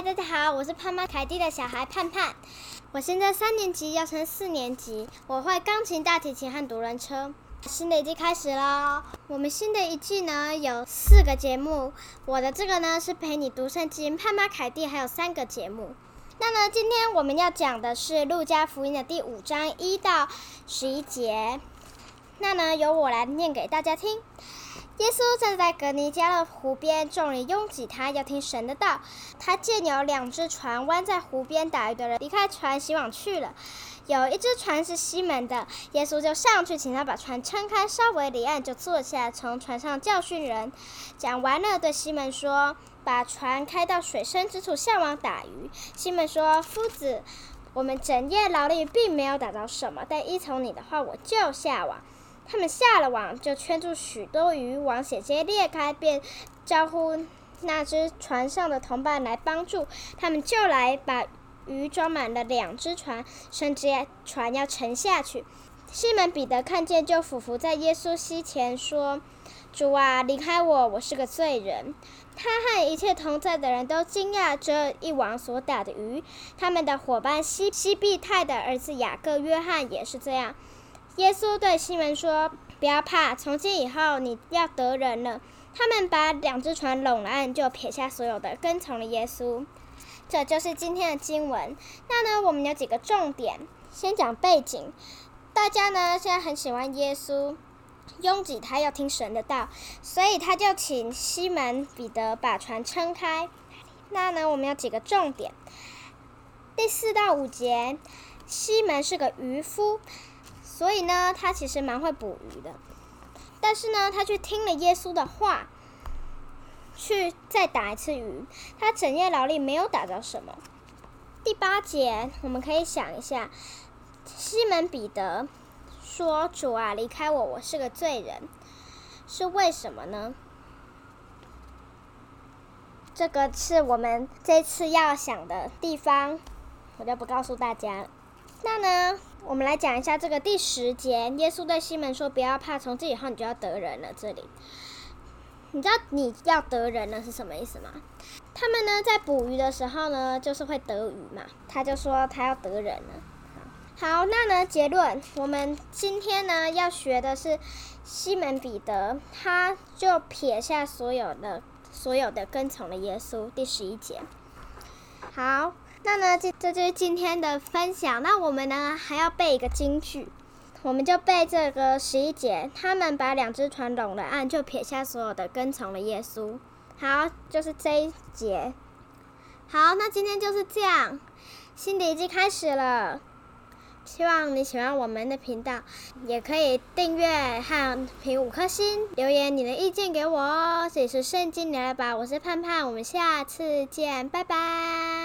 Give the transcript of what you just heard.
Hi, 大家好，我是帕媽凱蒂的小孩盼盼，我現在三年級要升四年級，我會鋼琴、大提琴和獨輪車。新的一季開始嘍，我們新的一季呢有四個節目，我的這個呢是陪你讀聖經，帕媽凱蒂還有三個節目。那呢，今天我們要講的是《路加福音》的第五章一到十一節。那呢，由我來念給大家聽。耶穌站在格尼加的湖邊，眾人擁擠他，要聽神的道。他見有兩隻船彎在湖邊，打魚的人離開船，洗網去了。有一隻船是西門的，耶穌就上去，請他把船撐開，稍微離岸就坐下，從船上教訓人。講完了，對西門說：“把船開到水深之處，下網打魚。”西門說：“夫子，我們整夜勞力，並沒有打到什麼，但依從你的話，我就下網。”他們下了網，就圈住許多魚，網險些裂開，便招呼那隻船上的同伴來幫助。他們就來把魚裝滿了兩隻船，甚至船要沉下去。西門彼得看見，就俯伏在耶穌膝前說：“主啊，離開我，我是個罪人。”他和一切同在的人都驚訝這一網所打的魚。他們的夥伴西西庇太的兒子雅各、約翰也是這樣。耶穌對西門說：“不要怕，從今以後你要得人了。”他們把兩隻船攏了岸，就撇下所有的，跟從了耶穌。這就是今天的經文。那呢，我們有幾個重點，先講背景。大家呢現在很喜歡耶穌，擁擠他要聽神的道，所以他就請西門彼得把船撐開。那呢，我們有幾個重點。第四到五節，西門是個漁夫。所以呢，他其實蠻會捕魚的，但是呢，他卻聽了耶穌的話，去再打一次魚。他整夜勞力，沒有打到什麼。第八節，我們可以想一下，西門彼得說：“主啊，離開我，我是個罪人。”是為什麼呢？這個是我們這次要想的地方，我就不告訴大家。那呢，我們來講一下這個第十節，耶穌對西門說：“不要怕，從這以後你就要得人了。”這裡，你知道你要得人了是什麼意思嗎？他們呢，在捕魚的時候呢，就是會得魚嘛。他就說他要得人了。好，那呢，結論，我們今天呢要學的是西門彼得，他就撇下所有的，所有的跟從了耶穌。第十一節，好。那呢，這這就是今天的分享。那我們呢還要背一個金句，我們就背這個十一節。他們把兩隻船攏了岸，就撇下所有的跟從了耶穌。好，就是這一節。好，那今天就是這樣，新的一季開始了。希望你喜歡我們的頻道，也可以訂閱和評五顆星，留言你的意見給我哦。這裡是聖經聊聊 BAR，我是盼盼，我們下次見，拜拜。